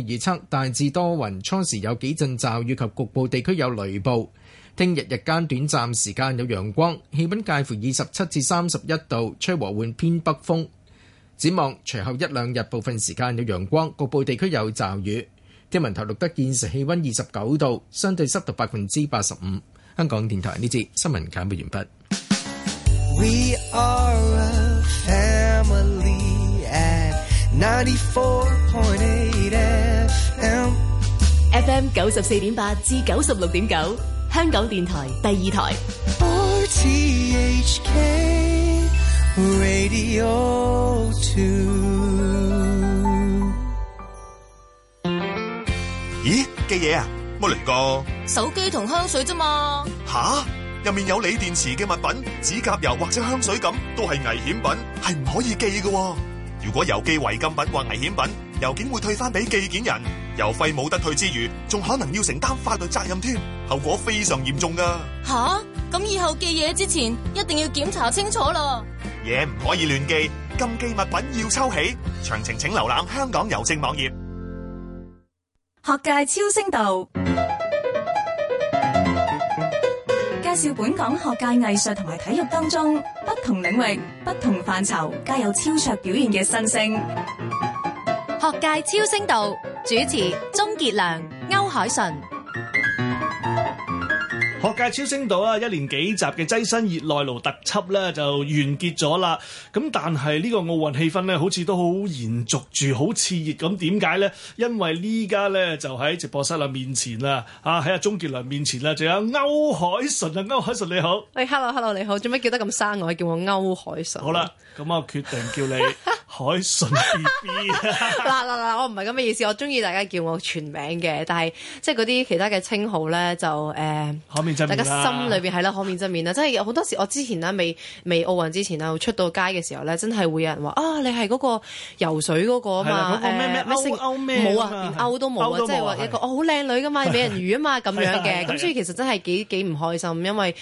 預測大致多雲，初時有幾陣驟雨及局部地區有雷暴。聽日日間短暫時間有陽光，氣温介乎二十七至三十一度，吹和緩偏北風。展望隨後一兩日部分時間有陽光，局部地區有驟雨。天文台錄得現時氣温二十九度，相對濕度百分之八十五。香港電台呢節新聞簡報完畢。FM 九十四點八至九十六點九，9，香港電台第二台。RTHK，咦，寄嘢啊，乜嚟個？手機同香水啫嘛。吓，入面有鋰電池嘅物品、指甲油或者香水咁，都係危險品，係唔可以寄嘅。如果郵寄違禁品或危險品，郵件會退翻俾寄件人。郵費冇得退之餘，仲可能要承擔法律責任添，後果非常嚴重噶吓，咁以後寄嘢之前一定要檢查清楚咯。嘢唔可以亂寄，禁寄物品要抽起。詳情請瀏覽香港郵政網頁。學界超聲道，介紹本港學界、藝術同埋體育當中不同領域、不同範疇皆有超卓表現嘅新星。學界超聲道。主持：鍾傑良、歐鎧淳。學界超聲道啊，一連幾集嘅擠身熱內盧特輯咧就完結咗啦。咁但係呢個奧運氣氛咧，好似都好延續住，好熾熱咁。點解咧？因為呢家咧就喺直播室啊面前啦，啊喺阿鍾傑良面前啦，仲有歐鎧淳啊，歐鎧淳你好。喂 h、hey, e l l o hello 你好，做咩叫得咁生我？叫我歐鎧淳。好啦，咁我決定叫你鎧淳 B B。嗱嗱嗱，我唔係咁嘅意思，我中意大家叫我全名嘅，但係即係嗰啲其他嘅稱號咧就誒。下、呃大家心裏邊係啦，可見真面啦，真係好多時。我之前咧未未奧運之前咧，出到街嘅時候咧，真係會有人話：啊，你係嗰個游水嗰個啊嘛，咩咩咩歐歐咩冇啊，連歐都冇啊，即係話一個好靚女噶嘛，美人魚啊嘛咁樣嘅。咁所以其實真係幾幾唔開心，因為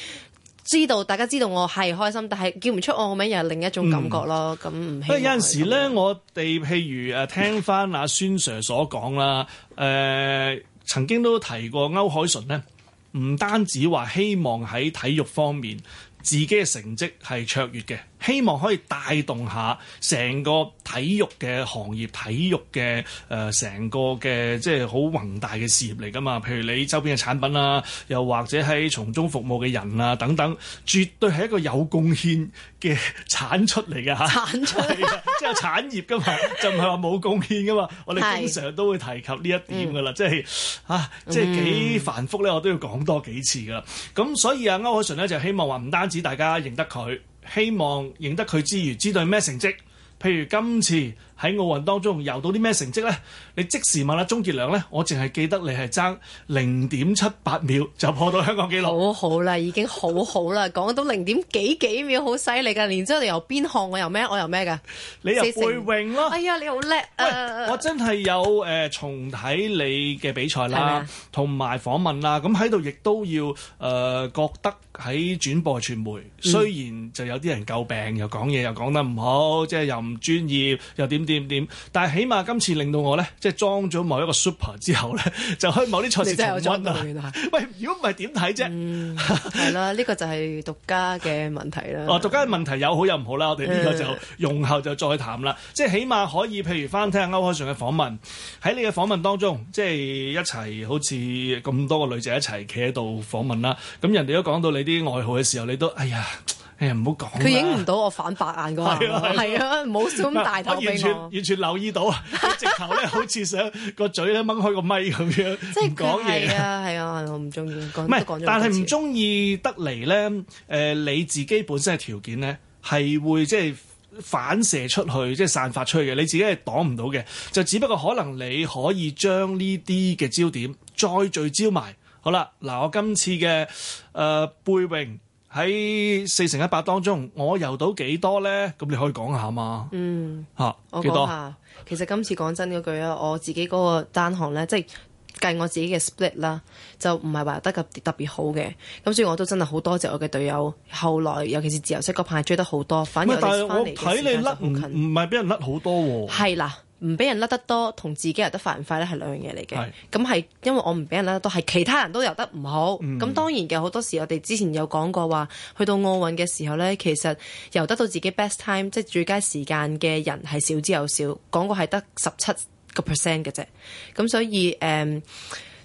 知道大家知道我係開心，但係叫唔出我個名又係另一種感覺咯。咁唔，不過有陣時咧，我哋譬如誒聽翻阿孫 sir 所講啦，誒曾經都提過歐鎧淳呢。唔單止話希望喺體育方面自己嘅成績係卓越嘅。希望可以帶動下成個體育嘅行業，體育嘅誒成個嘅即係好宏大嘅事業嚟噶嘛，譬如你周邊嘅產品啊，又或者喺從中服務嘅人啊等等，絕對係一個有貢獻嘅產出嚟嘅產出，嚟即係產業噶嘛， 就唔係話冇貢獻噶嘛。我哋經常都會提及呢一點噶啦，嗯、即係啊，即係幾繁複咧，我都要講多幾次噶啦。咁、嗯、所以阿歐鎧淳咧就希望話唔單止大家認得佢。希望認得佢之餘，知道咩成績，譬如今次。喺奧運當中遊到啲咩成績咧？你即時問下鍾傑良咧，我淨係記得你係爭零點七八秒就破到香港紀錄。好好啦，已經好好啦，講到 零點幾幾秒好犀利㗎。然之後你由邊項？我又咩？我又咩㗎？你又背泳咯。哎呀，你好叻啊！我真係有誒、呃、重睇你嘅比賽啦，同埋嗎訪問啦。咁喺度亦都要誒、呃、覺得喺轉播傳媒，雖然就有啲人救病又講嘢又講得唔好，即、就、係、是、又唔專業又點？點點，但係起碼今次令到我咧，即係裝咗某一個 super 之後咧，就開某啲賽事重溫啦。喂，如果唔係點睇啫？係啦、嗯，呢、 呢個就係獨家嘅問題啦。哦，獨家嘅問題有好有唔好啦。我哋呢個就容後就再談啦。的即係起碼可以，譬如翻聽歐鎧淳嘅訪問。喺你嘅訪問當中，即係一齊好似咁多個女仔一齊企喺度訪問啦。咁人哋都講到你啲愛好嘅時候，你都哎呀～你唔好講，佢影唔到我反白眼噶，係啊，係啊，唔好咁大頭，我完全完全留意到，直頭咧好似想個嘴咧掹開個咪咁樣，即係講嘢啊，係啊，我唔中意。唔係，但係唔中意得嚟咧，誒，你自己本身嘅條件咧，係會即係反射出去，即係散發出去嘅，你自己係擋唔到嘅，就只不過可能你可以將呢啲嘅焦點再聚焦埋，好啦，嗱，我今次嘅誒背泳。喺四乘一百當中，我游到幾多咧？咁你可以講下嘛？嗯，嚇、啊，我講下。多少其實今次講真嗰句啊，我自己嗰個單項咧，即係計我自己嘅 split 啦，就唔係話得特別好嘅。咁所以我都真係好多謝我嘅隊友。後來尤其是自由式嗰排追得好多，反而睇你甩嚟近。唔係俾人甩好多喎、啊。係啦。唔俾人甩得多，同自己游得快唔快咧，係兩樣嘢嚟嘅。咁係是因為我唔俾人甩得多，係其他人都游得唔好。咁、嗯、當然嘅好多時，我哋之前有講過話，去到奧運嘅時候呢，其實游得到自己 best time，即係最佳時間嘅人係少之又少，講過係得十七個 percent 嘅啫。咁所以誒，嗯。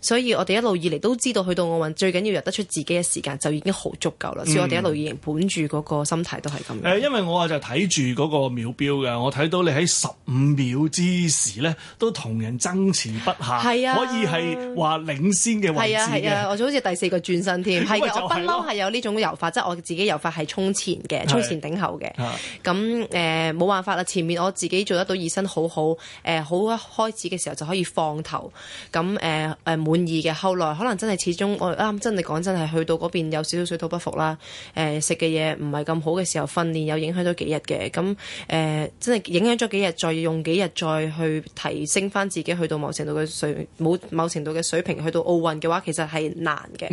所以我哋一路以嚟都知道，去到奧運最緊要遊得出自己嘅時間就已經好足夠啦。嗯、所以我哋一路以嚟本住嗰個心態都係咁樣。誒，因為我啊就睇住嗰個秒表嘅，我睇到你喺十五秒之時咧，都同人爭持不下，啊、可以係話領先嘅位置。係啊，啊我就好似第四個轉身添，係我不嬲係有呢種游法，即、就、係、是、我自己游法係衝前嘅，衝前頂後嘅。咁誒冇辦法啦，前面我自己做得到熱身好好，誒好一開始嘅時候就可以放頭。咁誒誒。每滿意嘅，後來可能真係始終我啱啱真係講真係去到嗰邊有少少水土不服啦，誒食嘅嘢唔係咁好嘅時候，訓練又影響咗幾日嘅，咁、嗯、誒、呃、真係影響咗幾日，再用幾日再去提升翻自己，去到某程度嘅水冇某程度嘅水平，去到奧運嘅話，其實係難嘅，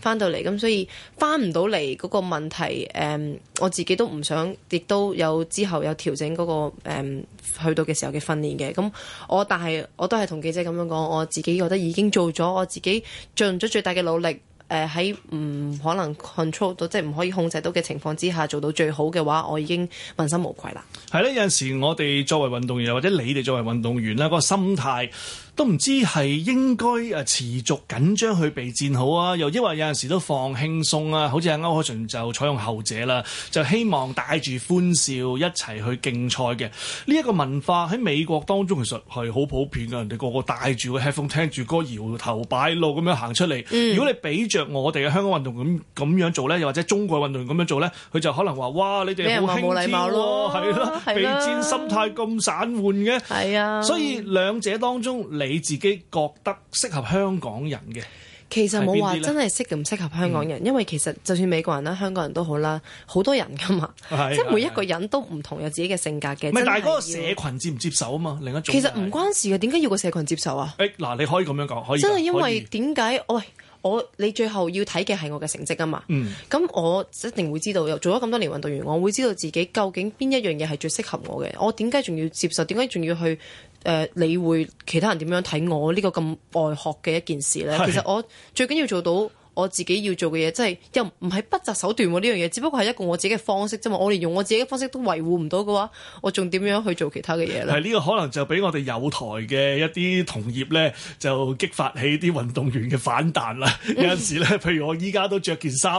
翻、嗯、到嚟咁，所以翻唔到嚟，個問題，誒、嗯、我自己都唔想，亦都有之後有調整、嗰個誒、嗯、去到嘅時候嘅訓練嘅，咁、嗯、我但係我都係同記者咁樣講，我自己覺得已經做咗。我自己盡咗最大嘅努力，誒喺唔可能控制到，即係唔可以控制到嘅情況之下，做到最好嘅話，我已經問心無愧啦。係啦，有陣時我哋作為運動員，或者你哋作為運動員啦，個心態，嗯 啊都唔知係應該誒持續緊張去備戰好啊，又抑或有陣時都放輕鬆啊？好似阿歐鎧淳就採用後者啦，就希望帶住歡笑一齊去競賽嘅。呢一個文化喺美國當中其實係好普遍嘅，人哋個，個個帶住個 headphone 聽住歌，搖頭擺腦咁樣行出嚟。嗯、如果你比着我哋嘅香港運動員咁咁樣做咧，又或者中國運動員咁樣做咧，佢就可能話：哇，你哋好冇禮貌咯，係咯，備戰心態咁散緩嘅。係啊呀，所以兩者當中你自己覺得適合香港人嘅，其實我話真係適唔適合香港人，嗯、因為其實就算美國人啦、香港人都好啦，好多人㗎嘛，是是是是即係每一個人都唔同，有自己嘅性格嘅。唔係是，但係嗰個社群接唔接受啊嘛，另一種其實唔關事嘅，點解要個社群接受啊？嗱、欸，你可以咁樣講，可以真係因為點解以、哎？我喂，我你最後要睇嘅係我嘅成績啊嘛。嗯，咁我一定會知道。做咗咁多年運動員，我會知道自己究竟邊一樣嘢係最適合我嘅。我點解仲要接受？點解仲要去？誒、呃，你會其他人點樣睇我呢個咁外殼嘅一件事咧？是其實我最緊要做到我自己要做嘅嘢，即、就、係、是、又唔係不擇手段呢樣嘢，只不過係一個我自己嘅方式啫嘛。我連用我自己嘅方式都維護唔到嘅話，我仲點樣去做其他嘅嘢咧？係呢、這個可能就俾我哋友台嘅一啲同業咧，就激發起啲運動員嘅反彈啦。有陣時咧，譬如我依家都着件衫，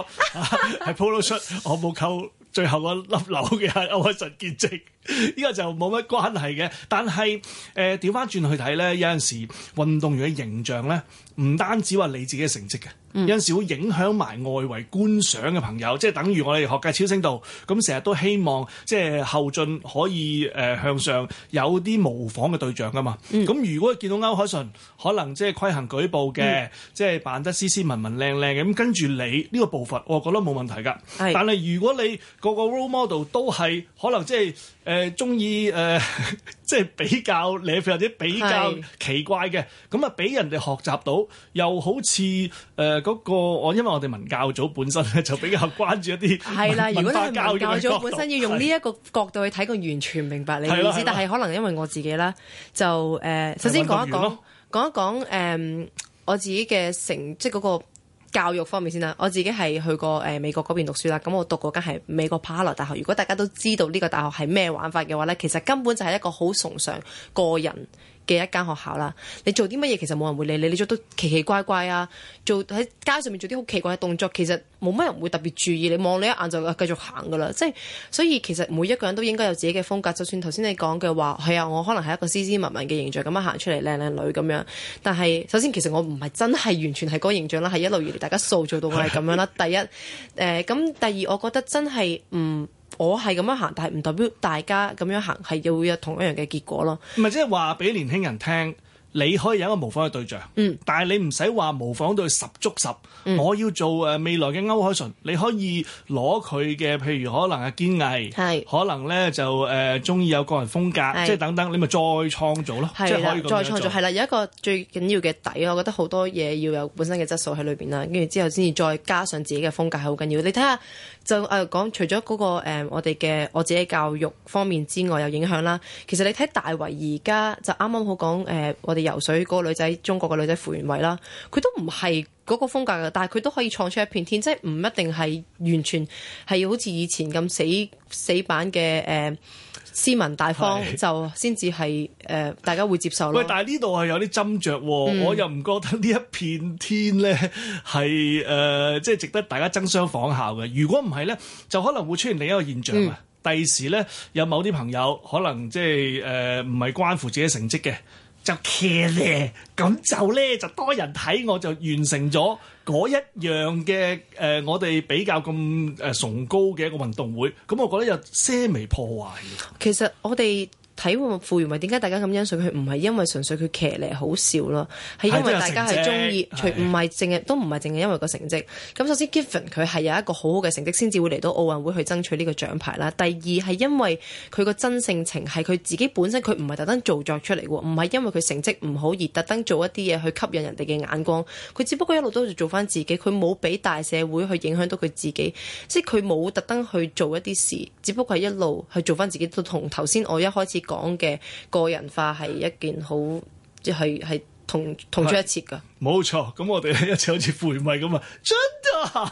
係 Polo shirt 我冇扣最後一粒紐嘅歐文傑證。依家就冇乜關係嘅，但係誒調翻轉去睇咧，有陣時運動員嘅形象咧，唔單止話你自己嘅成績嘅，有陣時會影響埋外圍觀賞嘅朋友，即係等於我哋學界超聲度，咁成日都希望即係後進可以誒向上，有啲模仿嘅對象㗎嘛。咁如果見到歐鎧淳可能即係規行矩步嘅，即係扮得斯斯文文靚靚嘅，咁跟住你呢個步伐，我覺得冇問題噶。但係如果你個個 role model 都係可能即係。誒中意誒，即係比較，你或者比較奇怪嘅，咁啊俾人哋學習到，又好似誒、呃嗰個，我，因為我哋文教組本身咧就比較關注一啲文化教育。係啦，如果你係文教組本身要用呢一個角度去睇，佢完全唔明白你意思。但係可能因為我自己啦，就誒、呃、首先講一講講一講誒、呃、我自己嘅成績嗰、嗰個。教育方面先啦，我自己係去過誒美國嗰邊讀書啦，咁我讀嗰間係美國帕羅大學。如果大家都知道呢個大學係咩玩法嘅話呢，其實根本就係一個好崇尚個人。嘅一間學校啦，你做啲乜嘢其實冇人會理你，你做都奇奇怪怪啊，做喺街上面做啲好奇怪嘅動作，其實冇乜人會特別注意你，望你一眼就繼續行噶啦。即係，所以其實每一個人都應該有自己嘅風格，就算頭先你講嘅話，係啊，我可能係一個斯斯文文嘅形象咁樣行出嚟，靚靚女咁樣。但係首先其實我唔係真係完全係嗰個形象啦，係一路以嚟大家塑造到我係咁樣啦。 第一，誒，咁第二，我覺得真係唔。嗯我係咁樣行，但係唔代表大家咁樣行係要有同一樣嘅結果咯。唔係即係話俾年輕人聽。你可以有一個模仿嘅對象，嗯、但係你唔使話模仿到十足十。嗯、我要做誒未來嘅歐鎧淳，你可以攞佢嘅，譬如可能係堅毅，係是可能咧就誒中意有個人風格，是即係等等，你咪再創造咯，的即係可以再創造。係啦，有一個最緊要嘅底，我覺得好多嘢要有本身嘅質素喺裏邊啦，跟住之後先至再加上自己嘅風格係好緊要。你睇下就誒講、呃，除咗嗰、那個、呃、我哋嘅我自己教育方面之外有影響啦。其實你睇大維而家就啱啱好講誒我哋。呃呃呃游水個女仔，中國嘅女仔傅園慧啦，佢都唔係嗰個風格嘅，但係佢都可以創出一片天，即係唔一定係完全係好似以前咁死死板嘅，誒、呃、斯文大方是就先至係誒大家會接受咯。喂，但係呢度係有啲斟酌，嗯、我又唔覺得呢一片天呢係誒即係值得大家爭相仿效嘅。如果唔係呢，就可能會出現另一個現象啊。第、嗯、時呢，有某啲朋友可能即係誒唔係關乎自己成績嘅。就騎咧，咁就咧就多人睇，我就完成咗嗰一樣嘅誒，我哋比較咁誒崇高嘅一個運動會。咁我覺得有些微破壞，其實我哋。睇會唔會傅園慧點解大家咁欣賞佢，唔係因為純粹佢騎呢好笑咯，係因為大家係鍾意，除唔係淨係都唔係淨係因為個成績。咁首先，given 佢係有一個好好嘅成績先至會嚟到奧運會去爭取呢個獎牌啦。第二係因為佢個真性情係佢自己本身，佢唔係特登做作出嚟嘅，唔係因為佢成績唔好而特登做一啲嘢去吸引人哋嘅眼光。佢只不過一路都做返自己，佢冇俾大社會去影響到佢自己，即係佢冇特登去做一啲事，只不過係一路去做返自己。都同頭先我一開始。講嘅個人化係一件好，即係係同同出一轍噶，冇錯。咁我哋咧一齊好似回味咁啊，真啊！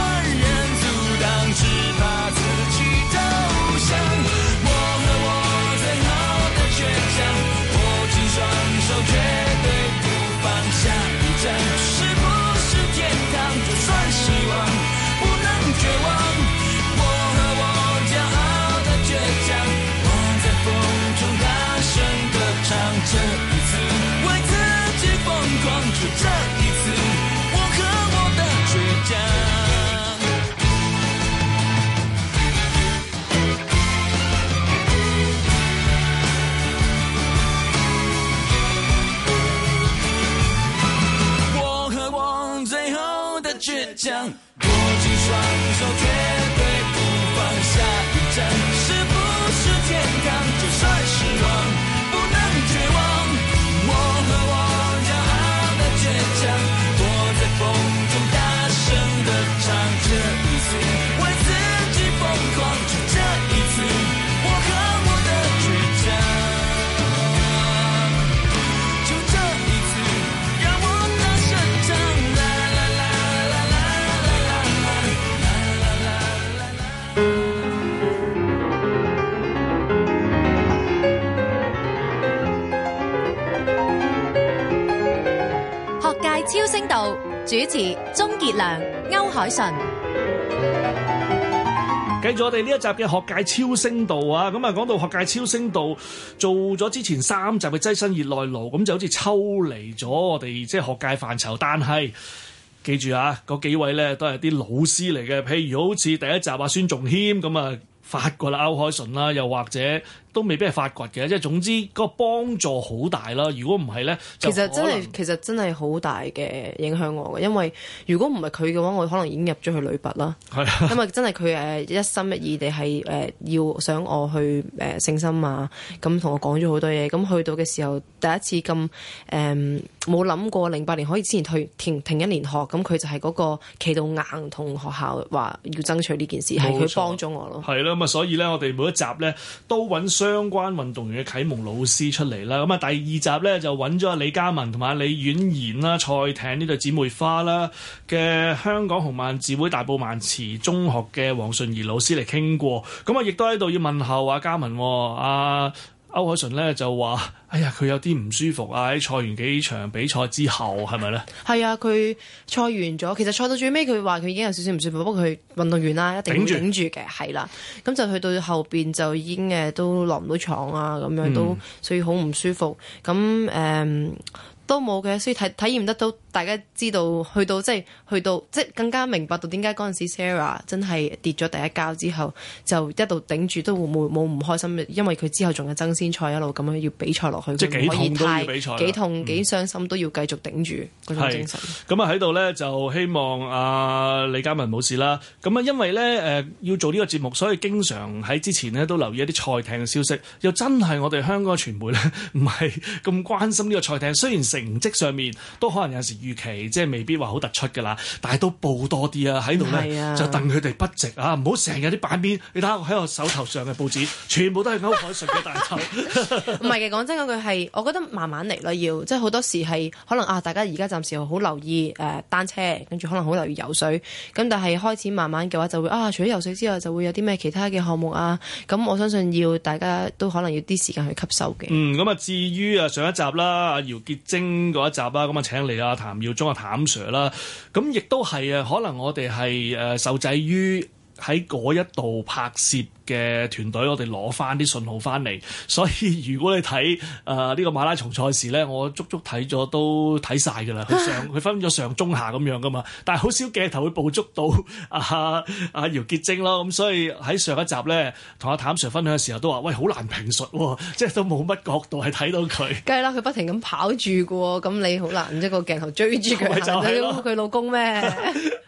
鍾傑良、歐鎧淳，繼續我哋呢一集嘅學界超聲度啊！咁啊，講到學界超聲度，做咗之前三集嘅躋身熱內盧，咁就好似抽離咗我哋即係學界範疇。但係記住啊，嗰幾位咧都係啲老師嚟嘅，譬如好似第一集啊，孫仲謙咁啊，發過啦，歐鎧淳啦，又或者。都未必係發掘嘅，即係總之個幫助好大啦。如果唔係咧，其實真係其實真係好大嘅影響我嘅，因為如果唔係佢嘅話，我可能已經入咗去女拔啦。係啊，因為真係佢誒一心一意地係誒、呃、要想我去誒聖、呃、心啊，咁同我講咗好多嘢。咁去到嘅時候，第一次咁誒冇諗過零八年可以之前退停停停一年學，咁佢就係嗰個企到硬同學校話要爭取呢件事，係佢幫咗我咯。係啦，咁啊，所以咧，我哋每一集咧都揾。相關運動員嘅啟蒙老師出嚟啦，咁啊第二集呢，就揾咗李嘉文同埋李婉然啦，賽艇呢對姊妹花啦嘅香港紅卍字會大埔卍慈中學嘅黃順儀老師嚟傾過，咁啊亦都喺度要問候阿、啊、嘉文、哦，阿、啊。歐鎧淳咧就話，哎呀，佢有啲唔舒服啊！喺賽完幾場比賽之後，係咪咧？係啊，佢賽完咗，其實賽到最尾佢話佢已經有少少唔舒服，不過佢運動員啦，一定要頂住嘅，係啦著。咁、啊、就去到後邊就已經誒都落唔到床啊，咁樣都、嗯、所以好唔舒服。咁誒。Um, 都冇嘅，所以體體驗得到，大家知道去到即係去到即係更加明白到點解嗰陣時 Sarah 真係跌咗第一跤之後就一度頂住都冇冇唔開心，因為佢之後仲有爭先賽一路咁樣要比賽落去，即係幾痛都要比賽，幾痛幾傷心都要繼續頂住嗰種精神。咁啊喺度咧就希望阿、呃、李嘉文冇事啦。咁啊因為咧誒、呃、要做呢個節目，所以經常喺之前咧都留意一啲賽艇嘅消息，又真係我哋香港傳媒咧唔係咁關心呢個賽艇，雖然成績上面都可能有陣時預期，即係未必話好突出嘅啦。但係都報多啲啊，喺度咧就戥佢哋不值啊！唔好成日啲版面，你睇下喺我手頭上嘅報紙，全部都係歐海豚嘅大頭 唔係嘅，講真嗰句係，我覺得慢慢嚟咯，要即係好多時係可能啊，大家而家暫時好留意誒單車，跟住可能好留意游水。咁但係開始慢慢嘅話，就會啊，除咗游水之外，就會有啲咩其他嘅項目啊。咁我相信要大家都可能要啲時間去吸收嘅。嗯，咁啊，至於啊上一集啦，阿姚潔晶。那個 kita 嗰一集啦，咁啊請嚟啊譚耀宗啊譚 Sir 啦，咁亦都係啊，可能我哋係誒受制於。喺嗰一度拍攝嘅團隊，我哋攞翻啲信號翻嚟，所以如果你睇誒呢個馬拉松賽事咧，我足足睇咗都睇晒㗎啦。佢上佢分咗上中下咁樣㗎嘛，但係好少鏡頭會捕捉到阿、啊、阿、啊、姚潔晶咯。咁所以喺上一集咧，同阿譚 sir 分享嘅時候都話：喂，好難評述、哦，即係都冇乜角度係睇到佢。梗係啦，佢不停咁跑住嘅，咁你好難一個鏡頭追住佢。佢老公咩？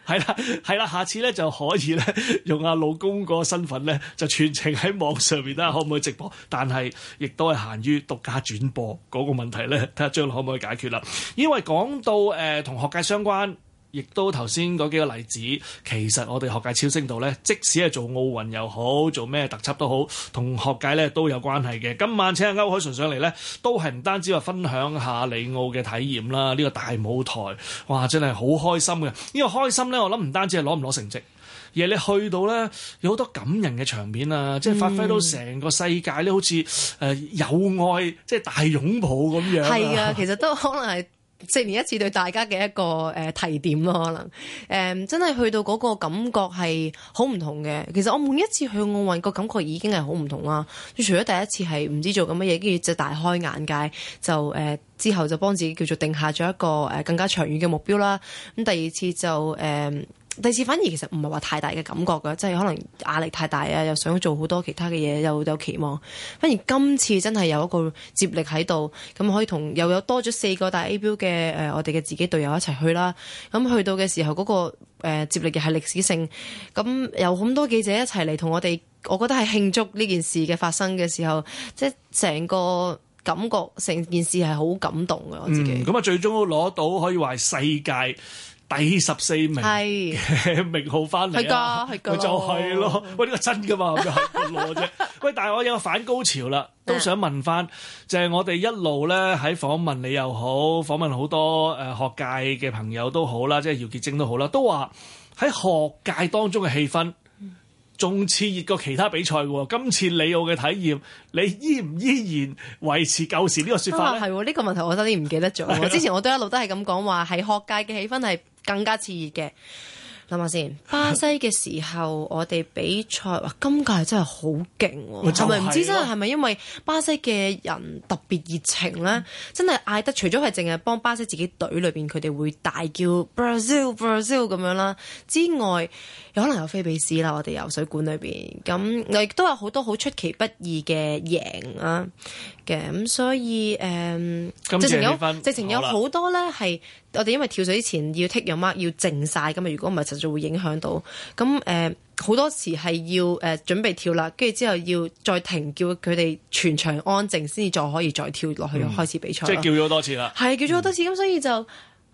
係啦，係啦，下次咧就可以咧用阿老公個身份咧，就全程喺網上面啦，可唔可以直播？但係亦都係限於獨家轉播嗰個問題咧，睇下將來可唔可以解決啦。因為講到誒同、呃、學界相關。亦都頭先嗰幾個例子，其實我哋學界超聲度咧，即使係做奧運又好，做咩特輯都好，同學界咧都有關係嘅。今晚請阿歐鎧淳上嚟咧，都係唔單止話分享下里奧嘅體驗啦。呢、這個大舞台，哇，真係好開心嘅。呢個開心咧，我諗唔單止係攞唔攞成績，而係你去到咧，有好多感人嘅場面啊，嗯、即係發揮到成個世界咧，好似誒有愛，即係大擁抱咁樣。係啊，其實都可能係。四年一次對大家嘅一個誒提、呃、點咯、啊，可能誒真係去到嗰個感覺係好唔同嘅。其實我每一次去奧運個感覺已經係好唔同啦。除咗第一次係唔知做緊乜嘢，跟住就大開眼界，就誒、呃、之後就幫自己叫做定下咗一個誒、呃、更加長遠嘅目標啦。咁、嗯、第二次就誒。呃第二次反而其實唔係話太大嘅感覺㗎，即係可能壓力太大啊，又想做好多其他嘅嘢，又有期望。反而今次真係有一個接力喺度，咁可以同又有多咗四個大 A 標嘅誒，我哋嘅自己隊友一齊去啦。咁去到嘅時候，嗰個、呃、接力嘅係歷史性，咁有咁多記者一齊嚟同我哋，我覺得係慶祝呢件事嘅發生嘅時候，即係成個感覺，成件事係好感動嘅。我自己咁啊，嗯嗯、最終都攞到可以話係世界。第十四名嘅名號翻嚟啦，就係咯。喂，呢個真噶嘛？咁樣啫，喂！ 喂，但係我有個反高潮啦，都想問翻，就係、是、我哋一路咧喺訪問你又好，訪問好多誒學界嘅朋友都好啦，即係姚潔貞都好啦，都話喺學界當中嘅氣氛仲熾熱過其他比賽。今次里奧嘅體驗，你依唔依然維持舊時呢個說法咧？係呢、啊，這個問題我真，我有啲唔記得咗。之前我都一路都係咁講話，喺學界嘅氣氛係更加熾熱嘅，諗下先。巴西嘅時候，我哋比賽 哇，今屆真係好勁喎！係咪唔知真係係咪因為巴西嘅人特別熱情咧？ 嗯、真係嗌得，除咗係淨係幫巴西自己隊裏邊佢哋會大叫 Brazil, Brazil Brazil 咁樣啦，之外，有可能有菲比斯啦。我哋游水館裏邊咁，亦都有好多好出其不意嘅贏啊！嘅，咁所以誒，嗯、直情有，直情有好多咧係，我哋因為跳水之前要 take your mark 要靜晒噶嘛，如果唔係實在會影響到。咁誒好多時係要誒、呃、準備跳啦，跟住之後要再停叫佢哋全場安靜先至再可以再跳落去開始比賽。嗯、即係叫咗好多次啦，係叫咗好多次，咁所以就。嗯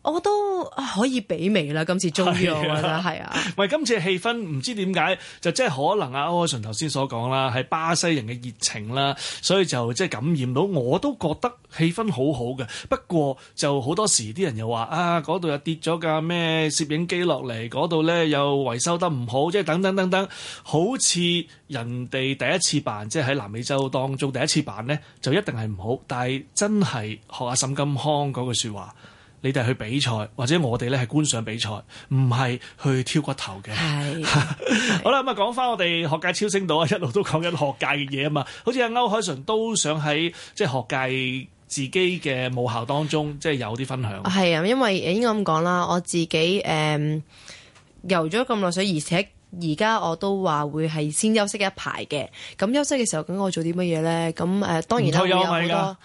我都可以媲美啦！今次終於，我覺係是啊，是啊、喂，今次氣氛唔知點解就即係可能阿歐鎧淳頭先所講啦，係巴西人嘅熱情啦，所以就即係感染到我都覺得氣氛好好嘅。不過就好多時啲人又話啊，嗰度又跌咗架咩攝影機落嚟，嗰度咧又維修得唔好，即係等等等等，好似人哋第一次辦，即係喺南美洲當中第一次辦咧，就一定係唔好。但係真係學阿沈金康嗰句説話。你哋去比賽，或者我哋咧係觀賞比賽，唔係去挑骨頭嘅。係。 好啦，咁啊講返我哋學界超星島啊，一路都講緊學界嘅嘢啊嘛。好似阿歐鎧淳都想喺即係學界自己嘅母校當中，即係有啲分享。係啊，因為應該咁講啦，我自己誒游咗咁耐水，而且而家我都話會係先休息一排嘅。咁休息嘅時候，咁我做啲乜嘢咧？咁誒、呃，當然啦，會，會有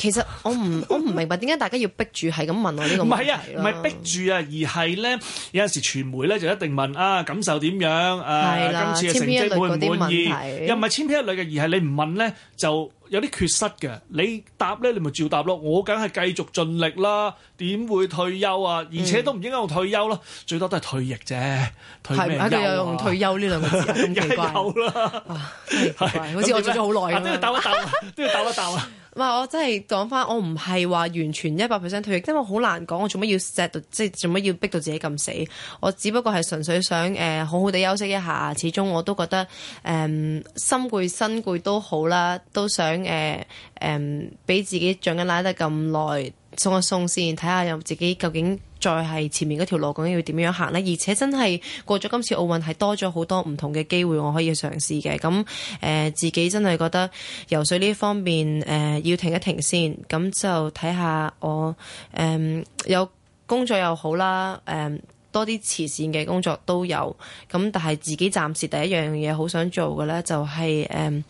其實我唔我唔明白點解大家要逼住係咁問我呢個問題咯？唔係啊，唔係逼住啊，而係咧有陣時傳媒咧就一定問啊感受點樣？誒今次嘅成績滿唔滿意？又唔係千篇一律嘅，而係你唔問咧就有啲缺失嘅。你答咧你咪照答咯。我梗係繼續盡力啦，點會退休啊？而且都唔應該用退休啦，最多都係退役啫。退休啊！係啊，又用退休呢兩個字，好奇怪！好似我做咗好耐啦，都要抖一抖，都要抖一抖啊！唔我真係講翻，我唔係話完全一百 percent 退役，因為好難講。我做乜要 set 到，即係做乜要逼到自己咁死？我只不過係純粹想誒、呃、好好地休息一下。始終我都覺得誒、呃、心攰身攰都好啦，都想誒誒俾自己盡緊拉得咁耐，鬆一鬆先，睇下有，有自己究竟。再係前面嗰條路，究竟要點樣行呢？而且真係過咗今次奧運，係多咗好多唔同嘅機會，我可以嘗試嘅。咁誒、呃、自己真係覺得游水呢方面誒、呃、要停一停先，咁就睇下我誒、呃、有工作又好啦，誒、呃、多啲慈善嘅工作都有。咁但係自己暫時第一樣嘢好想做嘅呢，就係、是、誒、呃、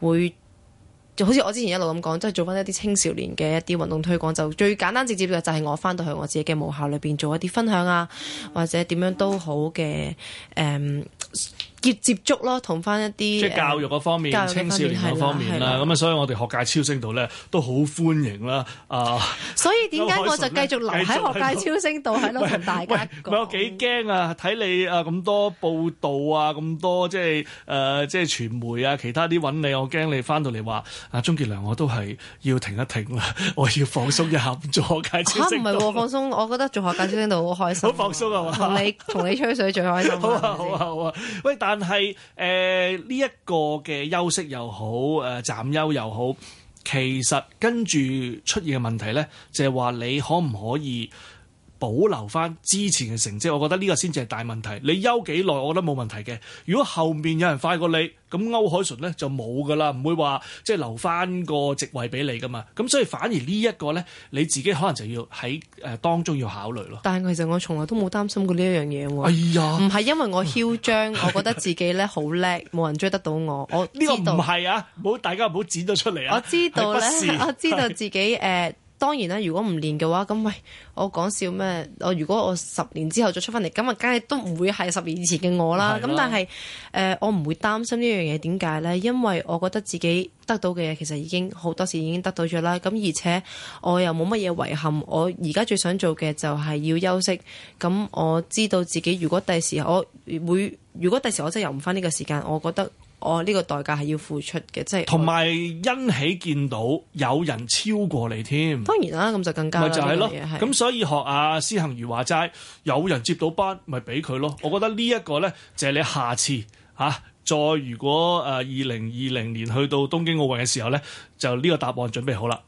會。就好似我之前一路咁講，即係做翻一啲青少年嘅一啲運動推廣，就最簡單直接嘅就係我翻到去我自己嘅母校裏邊做一啲分享啊，或者點樣都好嘅誒。嗯接觸咯，同翻一啲即係教育嗰方面、青少年嗰方面啦。咁啊，所以我哋學界超聲度咧都好歡迎啦。啊，所以點解我就繼續留喺學界超聲度，喺度同大家講。唔係我幾驚啊！睇你啊咁多報道啊，咁多即係誒即係傳媒啊，其他啲揾你，我驚你翻到嚟話啊，鍾傑良我都係要停一停啦，我要放鬆一下做學界超聲度。唔係喎，放鬆！我覺得做學界超聲度好開心，好放鬆係嘛？同你同你吹水最開心。好啊好啊好啊！喂，但但係，誒呢一個嘅休息又好，誒、呃、暫休又好，其實跟住出現嘅問題咧，就係、是、話你可唔可以，保留翻之前嘅成績，我覺得呢個先至係大問題。你休幾耐，我覺得冇問題嘅。如果後面有人快過你，咁歐鎧淳呢就冇噶啦，唔會話即係留翻個職位俾你噶嘛。咁所以反而呢、這、一個呢，你自己可能就要喺誒當中要考慮咯。但係其實我從來都冇擔心過呢一樣嘢喎。哎呀，唔係因為我囂張，我覺得自己呢好叻，冇 的人追得到我。我呢個唔係啊，好大家唔好剪咗出嚟啊。我知道咧，是是 我知道自己誒。呃 當然啦，如果唔練嘅話，咁喂，我講笑咩？我如果我十年之後再出翻嚟，咁啊梗係都唔會係十年以前嘅我啦。咁的但係誒、呃，我唔會擔心呢樣嘢。點解呢？因為我覺得自己得到嘅嘢其實已經好多時已經得到咗啦。咁而且我又冇乜嘢遺憾。我而家最想做嘅就係要休息。咁我知道自己如果第時我會，如果第時我真係又唔翻呢個時間，我覺得。我呢、哦，呢個代價係要付出嘅，即係同埋欣喜見到有人超過你添。當然啦、啊，咁就更加咪就係咯。咁所以學阿、啊、施幸余話齋，有人接到班，咪俾佢咯。我覺得呢一個咧，就係、是、你下次嚇、啊、再，如果誒二零二零年去到東京奧運嘅時候咧，就呢個答案準備好啦。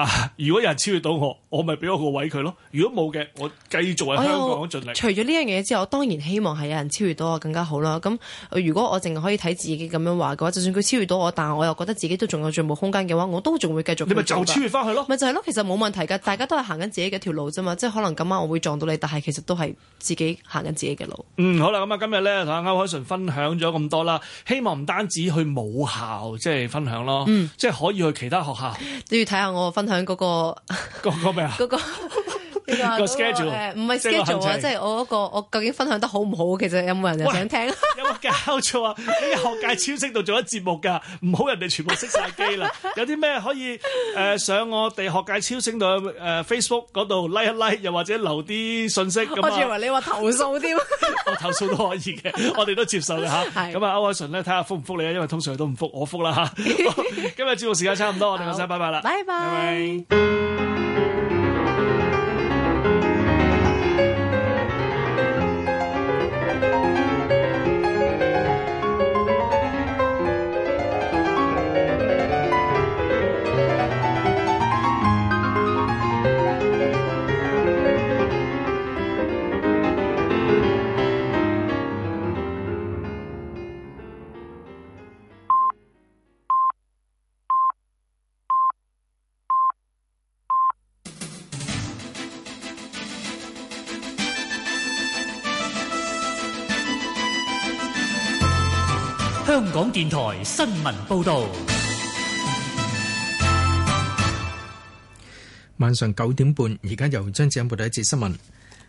啊、如果有人超越到我，我咪俾咗個位佢咯。如果冇嘅，我繼續喺香港盡力。除咗呢樣嘢之外，我當然希望係有人超越到我更加好啦。咁、嗯、如果我淨係可以睇自己咁樣話嘅話，就算佢超越到我，但係我又覺得自己都仲有進步空間嘅話，我都仲會繼續。你咪就超越翻去咯。咪就係咯，其實冇問題噶，大家都係行緊自己嘅條路啫嘛。即係可能今晚我會撞到你，但係其實都係自己行緊自己嘅路。嗯，好啦，咁、嗯、啊，今日咧同阿歐鎧淳分享咗咁多啦，希望唔單止去母校即係、就是、分享咯，嗯、即係可以去其他學校。你、嗯、要睇下我分。響嗰個嗰個咩啊？嗰、嗰個。個個 個 schedule，唔係 schedule 啊，即係我嗰個我究竟分享得好唔好？其實有冇人想聽？有冇搞錯啊？喺學界超星度做咗節目噶，唔好人哋全部熄晒機啦。有啲咩可以誒上我哋學界超星度誒 Facebook 嗰度 like 一 like，又或者留啲信息咁。我以為你話投訴添，我投訴都可以嘅，我哋都接受嘅吓。咁啊 Wilson 咧睇下覆唔覆你啊，因為通常都唔覆我覆啦吓。今日節目時間差唔多，我哋想拜拜啦，拜拜。電台新聞報道。晚上九點半，而家由張子恩報道一節新聞。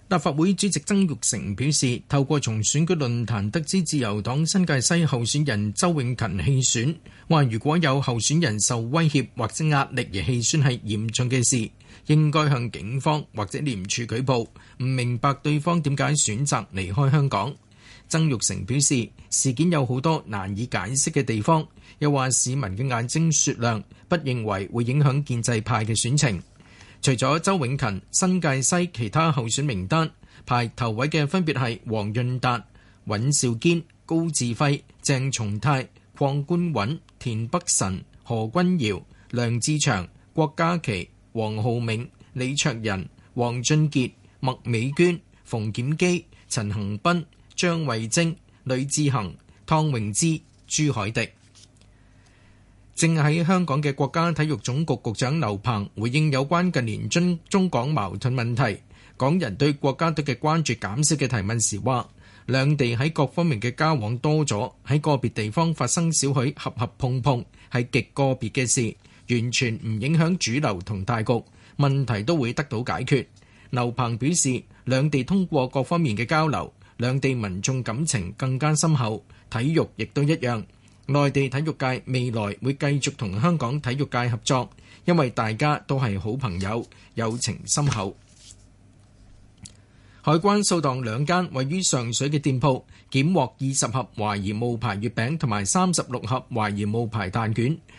立法會主席曾鈺成表示，透過從選舉論壇得知自由黨新界西候選人周永勤棄選，話如果有候選人受威脅或者壓力而棄選係嚴重嘅事，應該向警方或者廉署舉報。唔明白對方點解選擇離開香港。曾玉成表示事件有好多難以解釋嘅地方，又話市民嘅眼睛雪亮，不認為會影響建制派嘅選情。除咗周永勤，新界西其他候選名單排頭位嘅分別係黃潤達、尹兆堅、高志輝、鄭松泰、鄺官穩、田北辰、何君堯、梁志祥、郭家麒、黃浩銘、李卓人、王俊傑、麥美娟、馮檢基、陳恒斌。張慧晶、呂志恆、湯泳之、朱海迪。正喺香港嘅國家體育總局局長劉鵬回應有關近年中中港矛盾問題、港人對國家隊嘅關注減少嘅提問時，話兩地喺各方面嘅交往多咗，喺個別地方發生少許磕磕碰碰係極個別嘅事，完全唔影響主流同大局，問題都會得到解決。劉鵬表示，兩地通過各方面嘅交流。兩地民眾感情更加深厚，體育亦都一樣。內地體育界未來會繼續同香港體育界合作，因為大家都係好朋友，友情深厚。 海關掃蕩兩間位於上水嘅店鋪，檢獲二十盒懷疑冒牌月餅同埋三十六盒懷疑冒牌蛋卷。